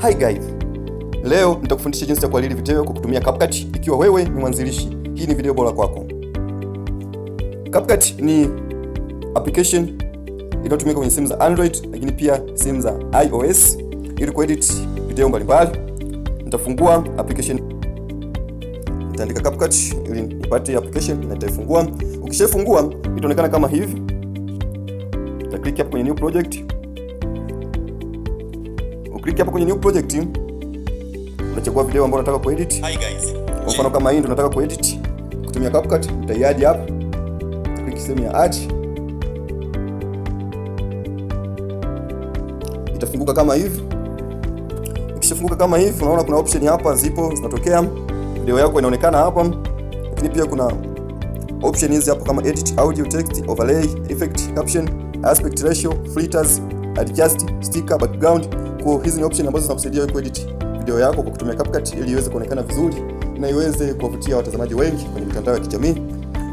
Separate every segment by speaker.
Speaker 1: Hi guys. Leo nitakufundisha jinsi ya kuhariri video kwa kutumia CapCut ikiwa wewe ni mwanzilishi. Hii ni video bora kwako. CapCut ni application inayotumika kwenye simu za Android lakini pia simu za iOS ili kuedit video mbalimbali. Nitafungua application. Nitaandika CapCut ili nipate application na nitaifungua. Ukishafungua itaonekana kama hivi. Nitaklik hapo kwenye new project. Uklik hapa kwenye new project, unachagua video ambayo unataka kuedit. Hi guys. Kwa mfano kama hii ndio nataka kuedit kutumia CapCut, nitaiadd hapa. Click sehemu ya add. Itafunguka kama hivi. Ikishafunguka kama hivi, unaona kuna option hapa zipo zinatokea. Video yako inaonekana hapa. Lakini pia kuna option hizi hapo kama edit audio, text, overlay, effect, caption, aspect ratio, filters, adjust, sticker, background kwa hizi ni option ambazo zinakusaidia wewe kuedit video yako kwa kutumia CapCut ili iweze kuonekana vizuri na iweze kuwavutia watazamaji wengi kwenye mitandao ya kijamii.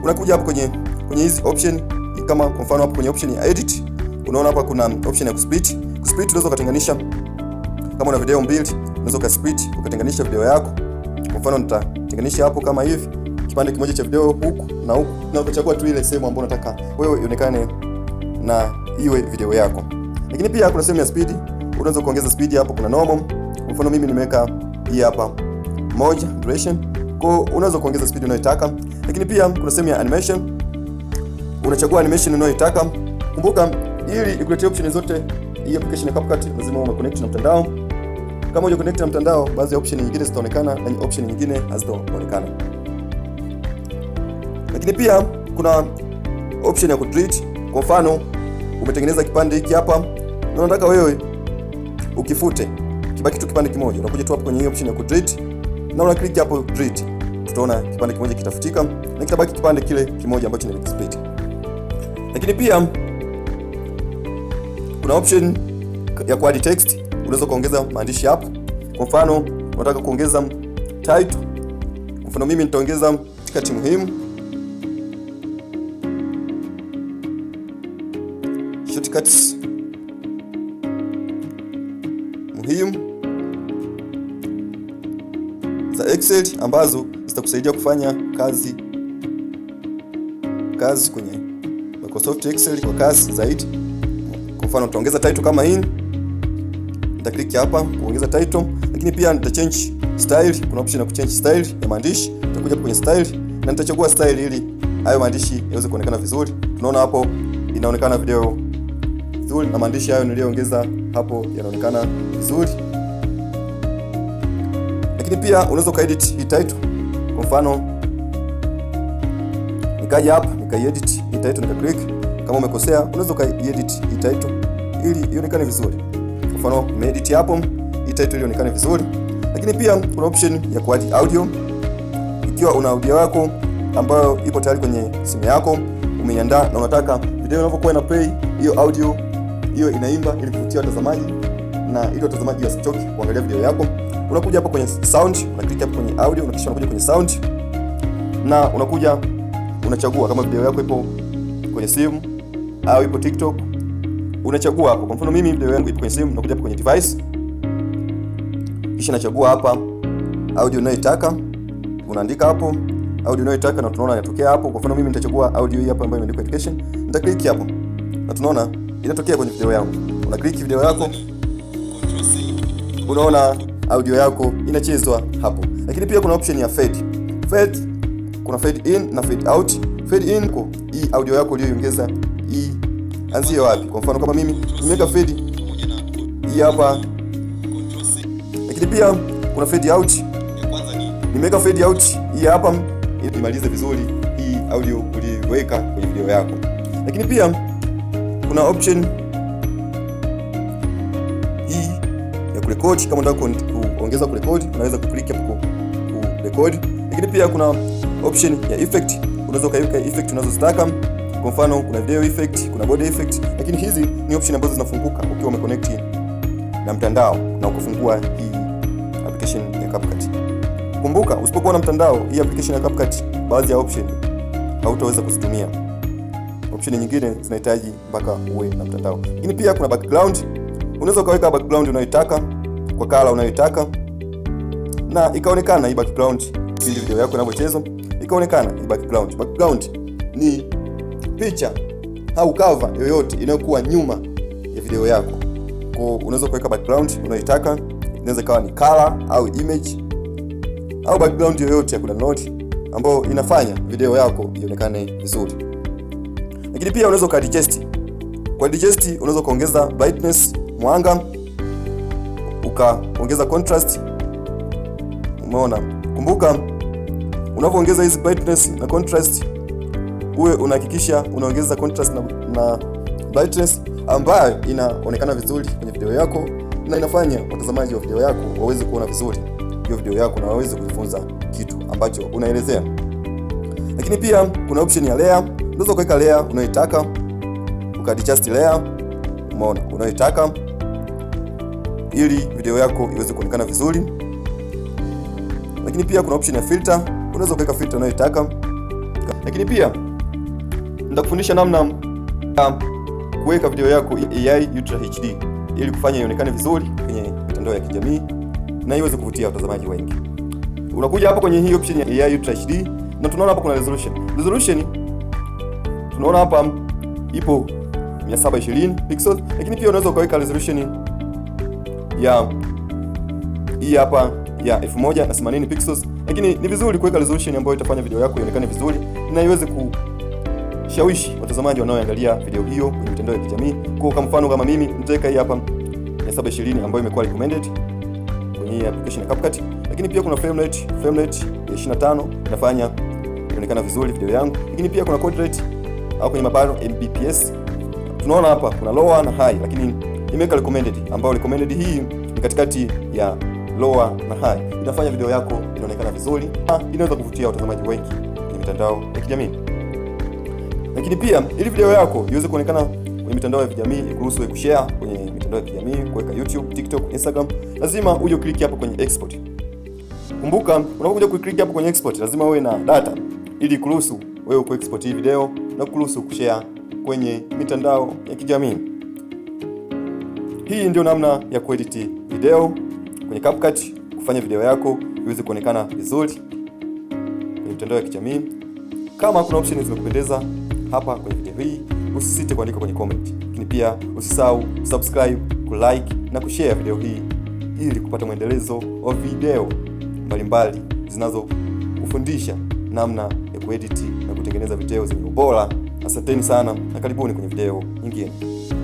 Speaker 1: Unakuja hapo kwenye kwenye hizi option, kama kwa mfano hapo kwenye option ya edit, unaona hapa kuna option ya kusplit. Kusplit unaweza kutenganisha kama una video mbili, unaweza kusplit ukatenganisha video yako. Kwa mfano nitatenganisha hapo kama hivi, kipande kimoja cha video huku na huku, na ukachagua tu ile sehemu ambayo unataka wewe ionekane na iwe video yako. Lakini pia kuna sehemu ya speed unaweza kuongeza speed hapo, kuna normal. Kwa mfano mimi nimeweka hii hapa moja duration, kwa unaweza kuongeza speed unayotaka, lakini pia kuna sehemu ya animation, unachagua animation unayotaka. Kumbuka ili ikuletea option zote hii application ya CapCut lazima uwe connect na mtandao. Kama huja connect na mtandao, baadhi ya option nyingine zitaonekana na option nyingine hazitaonekana. Lakini pia kuna option ya ku-treat. Kwa mfano umetengeneza kipande hiki hapa na unataka wewe ukifute, kibaki tu kipande kimoja. Unakuja tu hapo kwenye hiyo option ya kudelete na una click hapo delete, tutaona kipande kimoja kitafutika na kitabaki kipande kile kimoja ambacho nilikisplit. Lakini pia kuna option ya ku add text, unaweza kuongeza maandishi hapo. Kwa mfano unataka kuongeza title, kwa mfano mimi nitaongeza tiketi muhimu, shortcuts muhimu za Excel ambazo zitakusaidia kufanya kazi kazi kwenye Microsoft Excel kwa kazi zaidi. Kwa mfano, tutaongeza title kama hii, nitaclick hapa kuongeza title, lakini pia nita change style. Kuna option ya kuchange style ya maandishi, nitakuja kwenye style na nitachagua style ili hayo maandishi yaweze kuonekana vizuri. Tunaona hapo inaonekana video vizuri na maandishi hayo niliyoongeza hapo yanaonekana vizuri. Lakini pia unaweza ukaedit hii title. Kwa mfano nikaja hapa nikaiedit hii title nika click. Kama umekosea unaweza ukaiedit hii title ili ionekane vizuri. Kwa mfano nimeedit hapo hii title ionekane vizuri. Lakini pia kuna option ya ku add audio. Ikiwa una audio yako ambayo ipo tayari kwenye simu yako umeiandaa na unataka video inapokuwa ina play hiyo audio hiyo inaimba ili kuvutia watazamaji na ili watazamaji wasichoke kuangalia video yako. Unakuja hapa kwenye sound, una click hapa kwenye audio, una kisha unakuja kwenye sound na unakuja unachagua kama video yako ipo kwenye simu au ipo TikTok, unachagua hapo. Kwa mfano mimi video yangu ipo kwenye simu, nakuja hapa kwenye device, kisha nachagua hapa audio unayotaka, unaandika hapo audio unayotaka na tunaona inatokea hapo. Kwa mfano mimi nitachagua audio hii hapa ambayo imeandikwa education, nitaklik hapo na tunaona inatokea kwenye video yako. Una click video yako, unaona audio yako inachezwa hapo. Lakini pia kuna option ya fade. Fade kuna fade in na fade out. Fade in ko hii audio yako uliyoiongeza hii anzie wapi? Kwa mfano kama mimi nimeweka fade hii hapa. Lakini pia kuna fade out. Nimeweka fade out hii hapa imalize vizuri hii audio uliweka kwenye video yako. Lakini pia kuna option hii ya kurekodi. Kama unataka kuongeza kurekodi, unaweza kuclick hapo kurekodi, lakini pia kuna option ya effect. Unaweza ukaweka effect unazozitaka. Kwa mfano kuna video effect, kuna body effect, lakini hizi ni option ambazo zinafunguka ukiwa umeconnect na mtandao na ukafungua hii application ya CapCut. Kumbuka, usipokuwa na mtandao, hii application ya CapCut baadhi ya option hautaweza kuzitumia option nyingine zinahitaji mpaka uwe na mtandao. Lakini pia kuna background, unaweza ukaweka background unayotaka kwa kala unayotaka na ikaonekana hii background pindi video yako inapochezwa ikaonekana hii background. Background ni picha au cover yoyote inayokuwa nyuma ya video yako. Kwa unaweza kuweka background unayotaka, inaweza kawa ni color au image au background yoyote ya kudownload ambayo inafanya video yako ionekane vizuri. Lakini pia unaweza ukadigest. Kwa digest unaweza ukaongeza brightness, mwanga, ukaongeza contrast. Umeona? Kumbuka unapoongeza hizi brightness na contrast uwe unahakikisha unaongeza contrast na, na brightness ambayo inaonekana vizuri kwenye video yako na inafanya watazamaji wa video yako waweze kuona vizuri hiyo video yako na waweze kujifunza kitu ambacho unaelezea. Lakini pia kuna option ya layer Unaweza kuweka layer unayoitaka ukaadjust layer, umeona, unayoitaka ili video yako iweze kuonekana vizuri. Lakini pia kuna option ya filter, unaweza kuweka filter unayotaka. Lakini pia nitakufundisha namna ya kuweka video yako AI Ultra HD ili kufanya ionekane vizuri kwenye mitandao ya kijamii na iweze kuvutia watazamaji wengi. Unakuja hapa kwenye hii option ya AI Ultra HD na tunaona hapa kuna resolution. Resolution tunaona hapa ipo 720 pixels, lakini pia unaweza ukaweka resolution ya hii hapa ya 1080 pixels, lakini ni vizuri kuweka resolution ambayo itafanya video yako ionekane vizuri na iweze ku shawishi watazamaji wanaoangalia video hiyo kwenye mitandao ya kijamii. Kwa mfano kama mimi nitaweka hii hapa ya 720 ambayo imekuwa recommended kwenye application ya CapCut, lakini pia kuna frame rate, frame rate ya 25 inafanya inaonekana vizuri video yangu, lakini pia kuna quad rate au kwenye maparo Mbps, tunaona hapa kuna lower na high, lakini imeweka recommended, ambayo recommended hii ni katikati ya lower na high. Inafanya video yako inaonekana vizuri, na inaweza kuvutia watazamaji wengi kwenye mitandao ya kijamii. Lakini pia ili video yako iweze kuonekana kwenye mitandao ya kijamii, ikuruhusu kushare kwenye mitandao ya kijamii, kuweka YouTube, TikTok, Instagram, lazima uje click hapo kwenye export. Kumbuka, unapokuja kuclick hapo kwenye export lazima uwe na data ili kuruhusu wewe ku export hii video na kuruhusu kushare kwenye mitandao ya kijamii. Hii ndio namna ya kuedit video kwenye CapCut, kufanya video yako iweze kuonekana vizuri kwenye mitandao ya kijamii. Kama kuna option zimekupendeza hapa kwenye video hii, usisite kuandika kwenye comment, lakini pia usisahau subscribe, kulike na kushare video hii ili kupata mwendelezo wa video mbalimbali zinazokufundisha namna ya kuediti na kutengeneza video zenye ubora. Asanteni sana na karibuni kwenye video nyingine.